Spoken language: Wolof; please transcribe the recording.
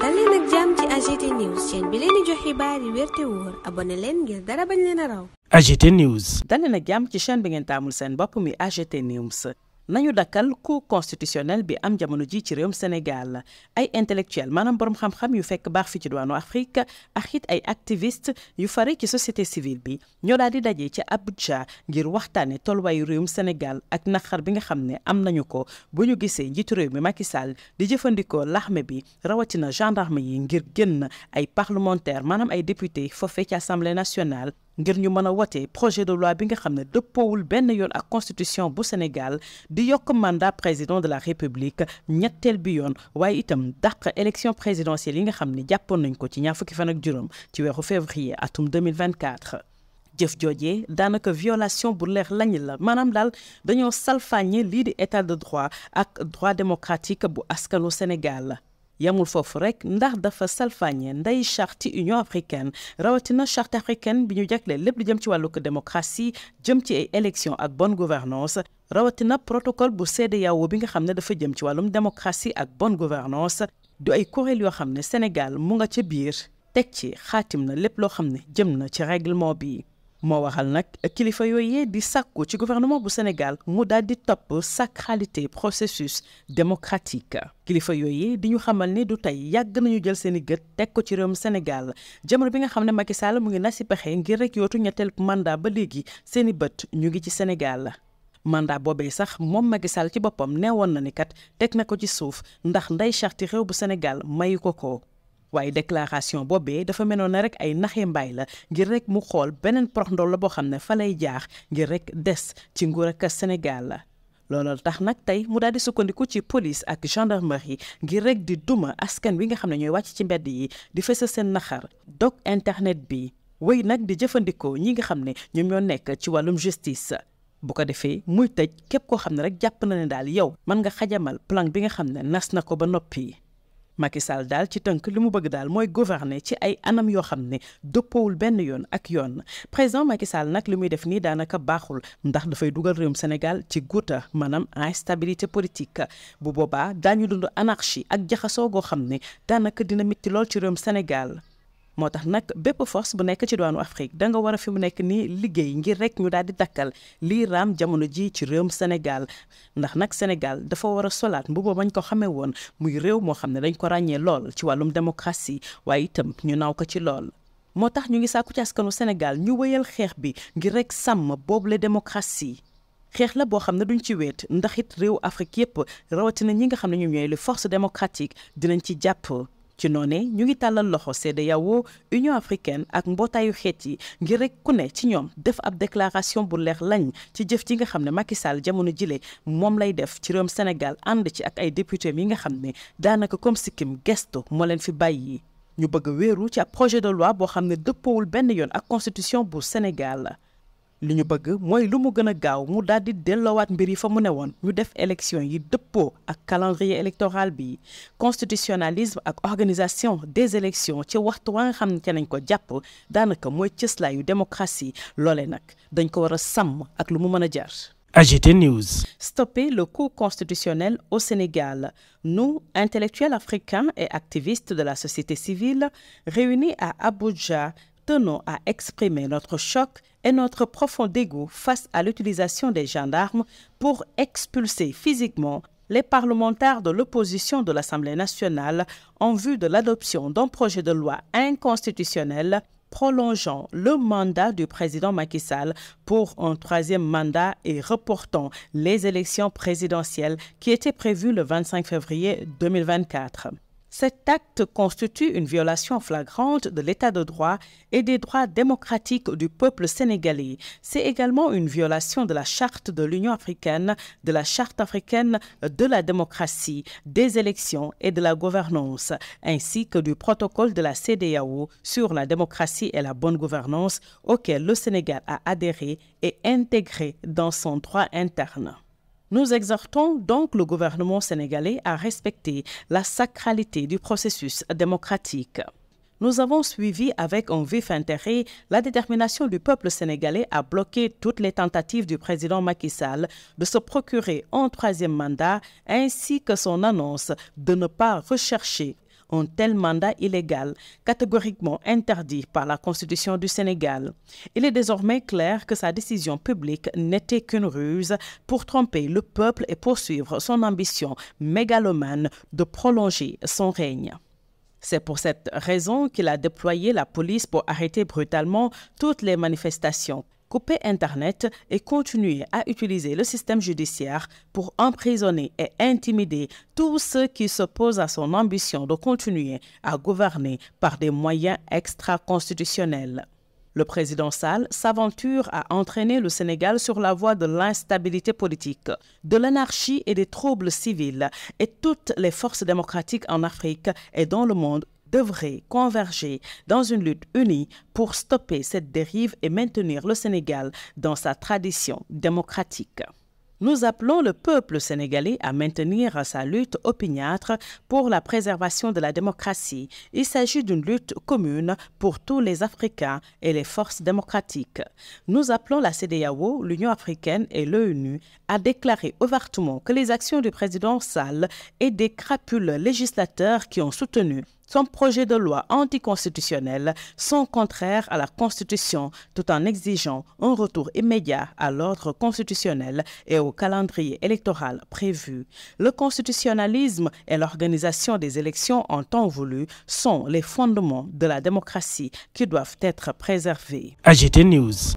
dal leen ak jàmm ci AGT News chaîne bi leen di jox xibaar yi wér te wóor abonné leen ngir dara bañ leen a raw AGT News dal leen jàmm ci chaîne bi ngeen taamul seen bopp mi AGT News nañu dakkal cour constitutionnel bi am jamono ji ci réewum Sénégal ay intellectuel maanaam borom xam-xam yu fekk baax fii ci diwaanu Afrique ak xiit ay activiste yu fare ci société civile bi ñoo daal di daje ci Abuja ngir waxtaane tolluwaayu réewum Sénégal ak naqar bi nga xam ne am nañu ko bu ñu gisee njiitu réew mi Macky Sall di jëfandikoo laxme bi rawatina gendarme yi ngir génn ay parlementaire maanaam ay député foofee ci assemblée nationale ngir ñu mën a wote projet de loi bi nga xam ne dëppoowul benn yoon ak constitution bu Sénégal di yokk mandat président de la république ñetteel bi yoon waaye itam dàq élection présidentielle yi nga xam ne jàppoon nañ ko ci ñaar fukki fan ak juróom ci weeru février atum 2024 jëf jooje daanaka violation bu leer lañ la maanaam daal dañoo salfaañe lii di état de droit ak droit démocratique bu askanu Sénégal yamul foofu rek ndax dafa salfaañe nday charte union africaine rawatina charte africaine bi ñu jagleel lépp lu jëm ci wàllug démocratie jëm ci ay élection ak bonne gouvernance rawatina protocole bu CEDEAO bi nga xam ne dafa jëm ci wàllum démocratie ak bonne gouvernance du ay kuréel yoo xam ne Sénégal mu nga ca biir teg ci xaatim na lépp loo xam ne jëm na ci règlement bi moo waxal nag kilifa yooyee di sàkku ci gouvernement bu Sénégal mu daal di topp sacralité processus démocratique kilifa yooyee di ñu xamal ni du tey yàgg nañu jël seen i gët teg ko ci réewum Sénégal jamono bi nga xam ne Macky Sall mu ngi na si pexe ngir rek yootu ñetteel mandat ba léegi seeni bët ñu ngi ci Sénégal. mandat boobee sax moom Macky Sall ci boppam woon na ni kat teg na ko ci suuf ndax ndey charte réew bu Sénégal mayu ko ko. waaye déclaration boobee dafa menoon na rek ay naxe mbaay la ngir rek mu xool beneen prox ndol la boo xam ne fa lay jaax ngir rek des ci nguur ak Sénégal la looloo tax nag tey mu daal di sukkandiku ci police ak yi ngir rek di duma askan wi nga xam ne ñooy wàcc ci mbedd yi di fësal seen naxar dog internet bi wéy nag di jëfandikoo ñi nga xam ne ñoom ñoo nekk ci wàllum justice bu ko defee muy tëj képp koo xam ne rek jàpp na ne daal yow mën nga xajamal plan bi nga xam ne nas na ko ba noppi. Macky Sall daal ci tënk li mu bëgg daal mooy gouverner ci ay anam yoo xam ne dëppoowul benn yoon ak yoon président Macky Sall nag li muy def nii daanaka baaxul ndax dafay dugal réewum Sénégal ci guuta maanaam instabilité politique bu boobaa daañu dund anarchie ak jaxasoo goo xam ne daanaka dina mitti lool ci réewum Sénégal. moo tax nag bépp force bu nekk ci doonu Afrique da nga war fi mu nekk nii liggéey ngir rek ñu daal di dakkal lii raam jamono ji ci réewum Sénégal ndax nag Sénégal dafa war a solaat mbubu bañ ko xamee woon muy réew moo xam ne dañ ko ràññee lool ci wàllum démocratie waaye itam ñu naaw ko ci lool. moo tax ñu ngi sàkku ci askanu Sénégal ñu wéyal xeex bi ngir rek sàmm boobule démocratie. xeex la boo xam ne duñ ci weet ndax it réew Afrique yépp rawatina ñi nga xam ne ñoom ñooy les forces démocratiques dinañ ci jàpp. ci noone ñu ngi tàllal loxo CEDEAO Union africaine ak mbootaayu xeet yi ngir rek ku ne ci ñoom def ab déclaration bu leer lañ ci jëf ji nga xam ne Macky Sall jamono jile moom lay def ci réewum Sénégal ànd ci ak ay député yi nga xam ne daanaka comme sikkim gestu moo leen fi bàyyi. ñu bëgg wéeru ci ab projet de loi boo xam ne dëppoowul benn yoon ak constitution bu Sénégal. li ñu bëgg mooy lu mu gën a gaaw mu daal di delloowaat mbir yi fa mu ne woon ñu def élection yi dëppoo ak calendrier électoral bi constitutionnalisme ak organisation des élections ci waxtu waa nga xam ne nañ ko jàpp daanaka mooy cëslaayu démocratie loole nag dañ ko war a sàmm ak lu mu mën a jar. AGT News. Stopper le coup constitutionnel au Sénégal. Nous, intellectuels africains et activistes de la société civile, réunis à Abuja, tenons à exprimer notre choc et notre profond dégoût face à l'utilisation des gendarmes pour expulser physiquement les parlementaires de l'opposition de l'Assemblée nationale en vue de l'adoption d'un projet de loi inconstitutionnel prolongeant le mandat du président Macky Sall pour un troisième mandat et reportant les élections présidentielles qui étaient prévues le 25 février 2024. Cet acte constitue une violation flagrante de l'état de droit et des droits démocratiques du peuple sénégalais. C'est également une violation de la charte de l'Union africaine, de la charte africaine de la démocratie, des élections et de la gouvernance, ainsi que du protocole de la CDAO sur la démocratie et la bonne gouvernance auquel le Sénégal a adhéré et intégré dans son droit interne. Nous exhortons donc le gouvernement sénégalais à respecter la sacralité du processus démocratique. Nous avons suivi avec un vif intérêt la détermination du peuple sénégalais à bloquer toutes les tentatives du président Macky Sall de se procurer un troisième mandat ainsi que son annonce de ne pas rechercher un tel mandat illégal, catégoriquement interdit par la Constitution du Sénégal. Il est désormais clair que sa décision publique n'était qu'une ruse pour tromper le peuple et poursuivre son ambition mégalomane de prolonger son règne. C'est pour cette raison qu'il a déployé la police pour arrêter brutalement toutes les manifestations couper Internet et continuer à utiliser le système judiciaire pour emprisonner et intimider tous ceux qui s'opposent à son ambition de continuer à gouverner par des moyens extra-constitutionnels. Le président Sall s'aventure à entraîner le Sénégal sur la voie de l'instabilité politique, de l'anarchie et des troubles civils, et toutes les forces démocratiques en Afrique et dans le monde devraient converger dans une lutte unie pour stopper cette dérive et maintenir le Sénégal dans sa tradition démocratique. Nous appelons le peuple sénégalais à maintenir sa lutte opiniâtre pour la préservation de la démocratie. Il s'agit d'une lutte commune pour tous les Africains et les forces démocratiques. Nous appelons la CDAO, l'Union africaine et l'ONU à déclarer ouvertement que les actions du président Sall et des crapules législateurs qui ont son projet de loi anticonstitutionnel sont contraires à la Constitution tout en exigeant un retour immédiat à l'ordre constitutionnel et au calendrier électoral prévu. Le constitutionnalisme et l'organisation des élections en temps voulu sont les fondements de la démocratie qui doivent être préservés. AGT News.